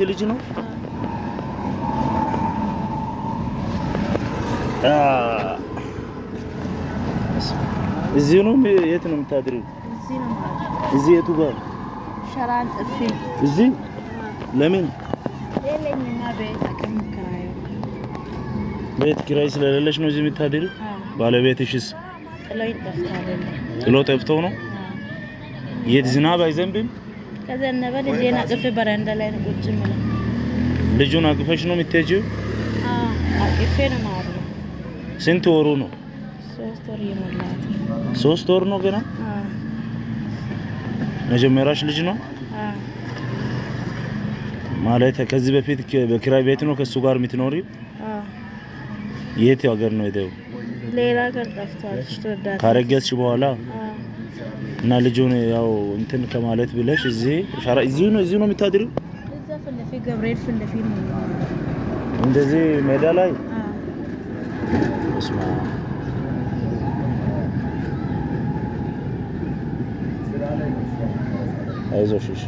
አንቺ ልጅ ነው እዚህ ነው የት ነው የምታድሪው? እዚህ የቱ ጋር ሸራን እርፊ እዚህ ለምን ሌለኝና ቤት አቅም ቤት ኪራይ ስለሌለሽ ነው እዚህ የምታድሪው? ባለቤትሽስ ጥሎ ጠፍቶ ነው? የት ዝናብ አይዘንብም? ከዘነበ ነበር ልጄን አቅፌ በረንዳ ላይ ነው ቁጭ የምለው። ልጁን አቅፈሽ ነው የምትሄጂው? አቅፌ ነው ማለት ነው። ስንት ወሩ ነው? ሶስት ወር የሞላት። ሶስት ወር ነው ገና? አዎ። መጀመሪያሽ ልጅ ነው? ማለት ከዚህ በፊት በኪራይ ቤት ነው ከሱ ጋር የምትኖሪ የት ሀገር ነው የሄደው? ሌላ ሀገር ጠፍቷል። ካረገዝሽ በኋላ? እና ልጁን ያው እንትን ከማለት ብለሽ እዚህ ሻራ እዚሁ ነው እዚሁ ነው የምታድሪው? እንደዚህ ሜዳ ላይ አይዞሽ። እሺ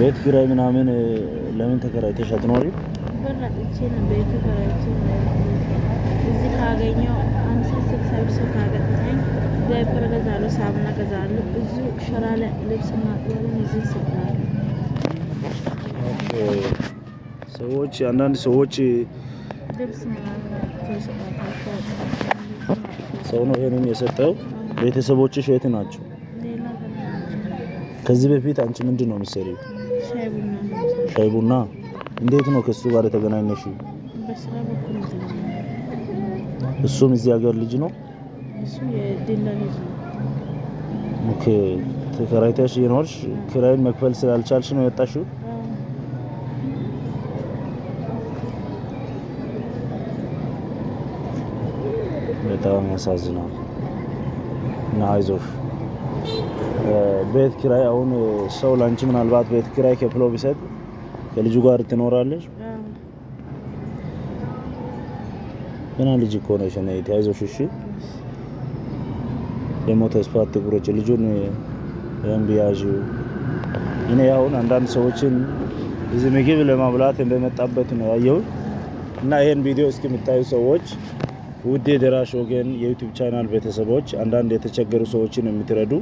ቤት ኪራይ ምናምን ለምን ተከራይተሽ አትኖሪም? ልብስና ገጠመኝ ዳይፐር እገዛለሁ፣ ሳሙና እገዛለሁ። ብዙ ሸራለ ላይ ልብስ ማጥበብን እዚህ ይሰራል። ሰዎች አንዳንድ ሰዎች ሰው ነው ይሄንን የሰጠው። ቤተሰቦችሽ የት ናቸው? ከዚህ በፊት አንቺ ምንድን ነው የምትሰሪው? ሻይ ቡና። እንዴት ነው ከሱ ጋር የተገናኘሽው? እሱም እዚህ ሀገር ልጅ ነው እሱ የደላል ይዞ ኦኬ። ተከራይተሽ የኖርሽ ክራይን መክፈል ስላልቻልሽ ነው የወጣሽው? በጣም ያሳዝናል። እና አይዞሽ ቤት ኪራይ አሁን ሰው ላንቺ ምናልባት ቤት ኪራይ ከፍሎ ቢሰጥ ከልጁ ጋር ትኖራለች። ገና ልጅ እኮ ነሽ። አይዞሽ እሺ የሞተ ስፋት አትቁረጭ፣ ልጁን ያንብያዥ። እኔ አሁን አንዳንድ ሰዎችን እዚህ ምግብ ለማብላት እንደመጣበት ነው ያየው እና ይህን ቪዲዮ እስከምታዩ ሰዎች ውድ የደራሽ ወገን የዩቱብ ቻናል ቤተሰቦች አንዳንድ የተቸገሩ ሰዎችን የምትረዱ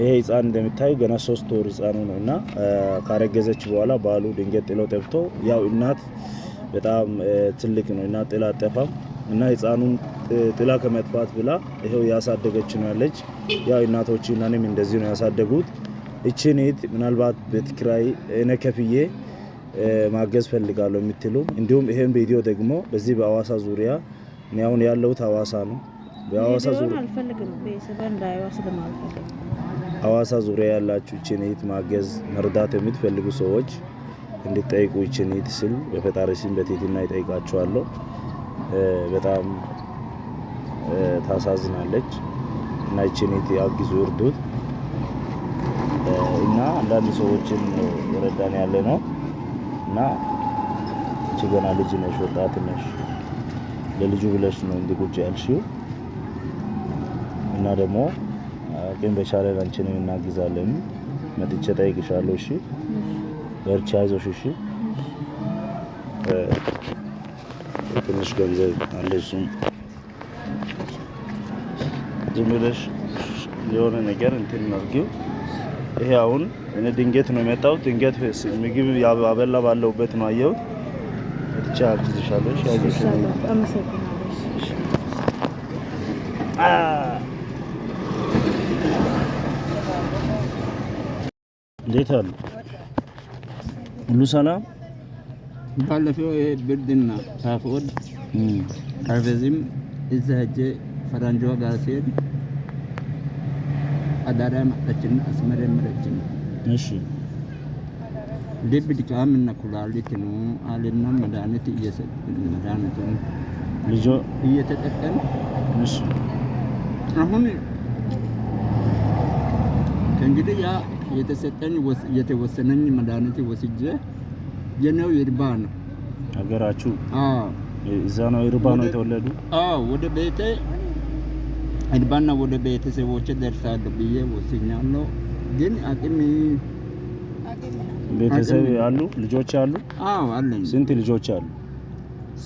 ይሄ ህፃን እንደምታዩ ገና ሶስት ወር ህፃኑ ነው እና ካረገዘች በኋላ ባሉ ድንገት ጥሎ ጠፍቶ፣ ያው እናት በጣም ትልቅ ነው እና ጥላ አጠፋም እና ህፃኑን ጥላ ከመጥፋት ብላ ይኸው ያሳደገች ነው ያለች። ያው እናቶች እናንም እንደዚህ ነው ያሳደጉት። እችን እህት ምናልባት ቤት ኪራይ እኔ ከፍዬ ማገዝ ፈልጋለሁ የምትሉ እንዲሁም ይሄን ቪዲዮ ደግሞ በዚህ በአዋሳ ዙሪያ እኔ አሁን ያለሁት አዋሳ ነው። በአዋሳ ዙሪያ አዋሳ ዙሪያ ያላችሁ እችን እህት ማገዝ መርዳት የምትፈልጉ ሰዎች እንድጠይቁ ይችን እህት ስል በፈጣሪ ስም በትህትና ይጠይቃችኋለሁ። በጣም ታሳዝናለች እና ይችን አግዙ እርዱት። እና አንዳንድ ሰዎችን ረዳን ያለ ነው እና እቺ ገና ልጅ ነሽ፣ ወጣት ነሽ። ለልጁ ብለሽ ነው እንዲህ ቁጭ ያልሽው እና ደግሞ ግን በቻለን አንቺንም እናግዛለን። መጥቼ ጠይቅሻለሁ። እሺ፣ በርቺ፣ አይዞሽ። እሺ ትንሽ ገንዘብ አለ። እሱም ዝም ብለሽ የሆነ ነገር እንትን አድርጊው። ይሄ አሁን እኔ ድንገት ነው የመጣሁት። ድንገት ምግብ አበላ ባለውበት ነው አየሁት። ብቻ አግዝሻለሽ። እንዴት አሉ? ሁሉ ሰላም ባለፈው ብርድና ታፎድ ፐርቬዝም እዛ ሄጄ ፈረንጆ ጋር ሲሄድ አዳራ መጣችና አስመረመረችኝ። እሺ ልብ ድካም እና ኩላሊት ነው አለና መድኃኒት እየሰጠን መድኃኒቱን ልጆ እየተጠቀን እሺ አሁን ከእንግዲህ ያ የተሰጠኝ የተወሰነኝ መድኃኒት ወስጄ የነው ይርባ ነው ሀገራችሁ? አዎ እዛ ነው ይርባ ነው የተወለዱ? አዎ ወደ ቤቴ ይርባና ወደ ቤተሰቦቼ ደርሳሉ ብዬ ወስኛለሁ። ግን አቅም ቤተሰብ አሉ ልጆች አሉ? አዎ አለኝ። ስንት ልጆች አሉ?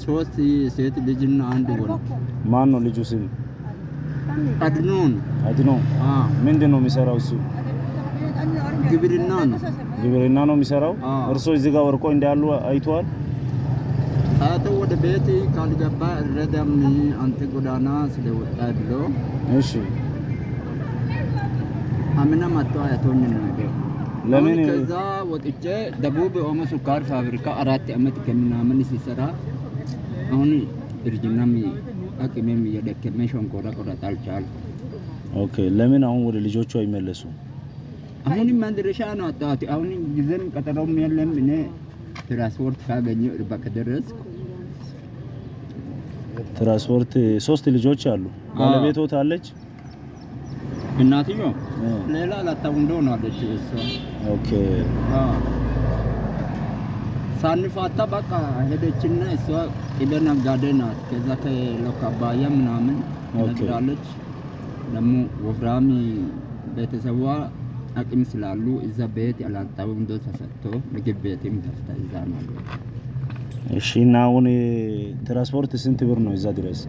ሶስት ሴት ልጅና አንድ ወንድ። ማን ነው ልጁ ስም? አድኖን። አድኖ ምንድን ነው የሚሰራው እሱ? ግብርና ነው ግብርና ነው የሚሰራው። እርሶ እዚህ ጋር ወርቆ እንዳሉ አይተዋል። አቶ ወደ ቤት ካልገባ እረዳም አንተ ጎዳና ስለወጣ ብሎ እሺ፣ አምና ማጣ ያቶኝ ነው ለምን ከዛ ወጥቼ ደቡብ ኦሞ ስኳር ፋብሪካ አራት አመት ከምናምን ሲሰራ አሁን እርጅናም አቅሜም እየደከመ ሸንኮራ ቆረጥ አልቻልኩም። ኦኬ፣ ለምን አሁን ወደ ልጆቹ አይመለሱም? አሁንም መድረሻ ነው አጣሁት። አሁን ጊዜም ቀጠሮም የለም። እኔ ትራንስፖርት ካገኘሁ እርባ ደረስኩ። ትራንስፖርት ሶስት ልጆች አሉ። ባለቤቶት አለች እናትዮ ሌላ ላታው ነው አለች። እሷ ኦኬ ሳንፋታ በቃ ሄደችና እሷ ቅቤ ነጋዴ ናት። ከዛ ከሎካ አባያ ምናምን ነግዳለች። ደግሞ ወፍራም ቤተሰቧ አቅም ስላሉ እዛ ቤት ያላጣው እንዶ ተሰጥቶ ምግብ ቤትም ከፍታ እዛ ነው። እሺ እና አሁን ትራንስፖርት ስንት ብር ነው እዛ ድረስ?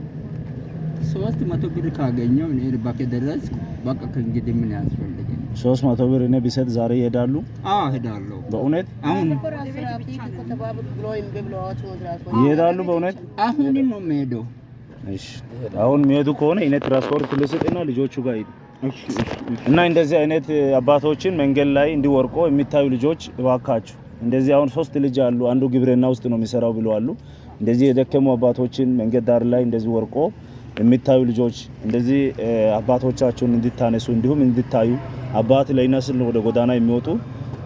ሶስት መቶ ብር ካገኘው እኔ ልባኬ ደረስ በቃ ከእንግዲህ ምን ያስፈልገኝ? ሶስት መቶ ብር እኔ ቢሰጥ ዛሬ ይሄዳሉ? አዎ ሄዳለሁ። በእውነት አሁን ይሄዳሉ። በእውነት አሁንም ነው የምሄደው። እሺ አሁን የሚሄዱ ከሆነ እኔ ትራንስፖርት ልስጥና ልጆቹ ጋር ሂድ እና እንደዚህ አይነት አባቶችን መንገድ ላይ እንዲወርቆ የሚታዩ ልጆች እባካችሁ እንደዚህ አሁን ሶስት ልጅ አሉ። አንዱ ግብርና ውስጥ ነው የሚሰራው ብለዋሉ። እንደዚህ የደከሙ አባቶችን መንገድ ዳር ላይ እንደዚህ ወርቆ የሚታዩ ልጆች እንደዚህ አባቶቻቸውን እንድታነሱ እንዲሁም እንድታዩ አባት ለይነስ ወደ ጎዳና የሚወጡ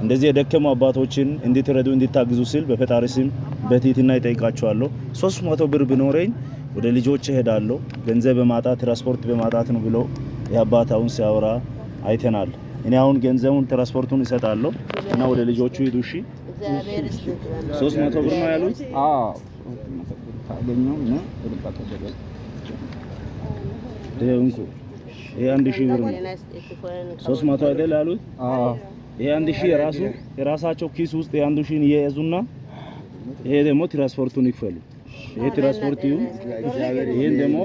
እንደዚህ የደከሙ አባቶችን እንድትረዱ እንድታግዙ ስል በፈጣሪ ስም በትህትና ይጠይቃቸዋለሁ። ሶስት መቶ ብር ብኖረኝ ወደ ልጆች እሄዳለሁ። ገንዘብ በማጣት ትራንስፖርት በማጣት ነው ብለው የአባታውን ሲያወራ አይተናል። እኔ አሁን ገንዘቡን ትራንስፖርቱን እሰጣለሁ እና ወደ ልጆቹ ሂዱ። እሺ፣ ሶስት መቶ ብር ነው ያሉት። አዎ ይሄ አንድ ሺህ ብር ነው። ሶስት መቶ አይደል ያሉት? አዎ ይሄ አንድ ሺህ የራሱ የራሳቸው ኪስ ውስጥ የአንዱ ሺህን እየያዙና ይሄ ደግሞ ትራንስፖርቱን ይክፈሉ። ትራንስፖርት ይሁን ይሄን ደግሞ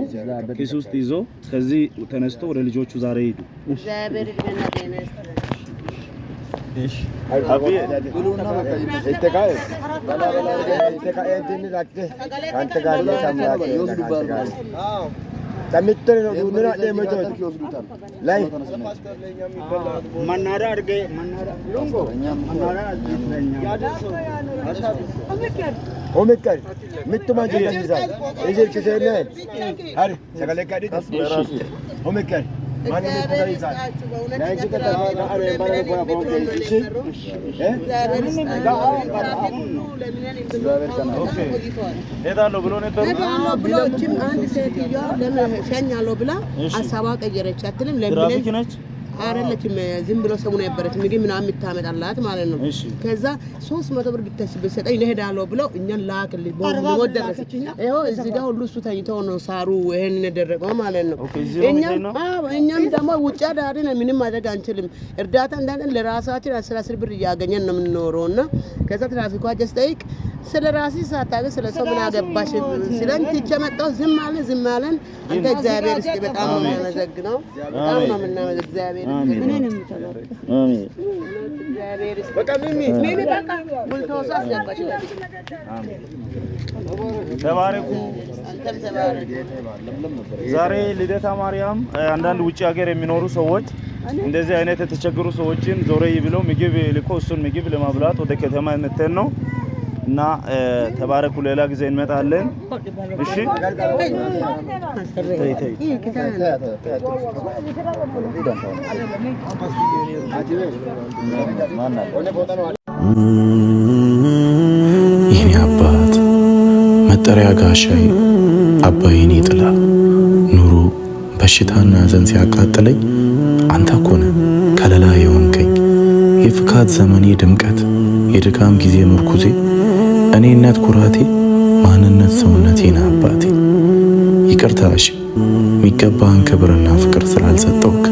ኪስ ውስጥ ይዞ ከዚህ ተነስቶ ወደ ልጆቹ ዛሬ ሄዱ። തമ്മിത്തരനോ ഒന്നിനാട്ടിയെ ലൈൻ മണ്ണാര അടുക്കെ Omikar, mituma ceza. Ejir keserler. Hadi. sakalekari tasmir. Omikar. ሄዳለሁ ብሎ ብሎ አንድ ሴትዮዋ ለምን ብላ ሀሳቧ ቀየረች። አትልም አይደለችም። ዝም ብሎ ሰሙን ነበረች ምግብ ምናምን የምታመጣላት ማለት ነው። ከዛ ሶስት መቶ ብር ብታስ ብትሰጠኝ ልሄዳለሁ ብለው እኛን ላክልኝ ወደረሰች። ይኸው እዚህ ጋር ሁሉ እሱ ተኝቶ ነው ሳሩ ይሄን የደረቀው ማለት ነው። እኛም ደግሞ ውጭ አዳሪ ነን፣ ምንም ማድረግ አንችልም። እርዳታ እንዳንጠን ለራሳችን አስር አስር ብር እያገኘን ነው የምንኖረው እና ከዛ ትራፊኳ ጀስጠይቅ ስለ ራሴ ሳታገ ስለ ሰው ምን አገባሽ ስለኝ ትቼ መጣሁ። ዝም አለ ዝም አለን። አንተ እግዚአብሔር እስኪ በጣም ነው የምናመሰግነው፣ በጣም ነው የምናመሰግነው እግዚአብሔር ተባረኩ። ዛሬ ልደታ ማርያም አንዳንድ ውጭ ሀገር የሚኖሩ ሰዎች እንደዚህ አይነት የተቸገሩ ሰዎችን ዞሬ ብለው ምግብ ልኮ እሱን ምግብ ለማብላት ወደ ከተማ መተን ነው። እና ተባረኩ። ሌላ ጊዜ እንመጣለን። እሺ የኔ አባት መጠሪያ ጋሻይ አባይን ይጥላ ኑሮ በሽታና ሐዘን ሲያቃጥለኝ አንተ ኮነ ከለላ የሆንከኝ የፍካት ዘመኔ ድምቀት የድካም ጊዜ ምርኩዜ እኔ እናት ኩራቴ፣ ማንነት ሰውነቴን አባቴ ይቅርታሽ የሚገባህን ክብርና ፍቅር ስላልሰጠውክ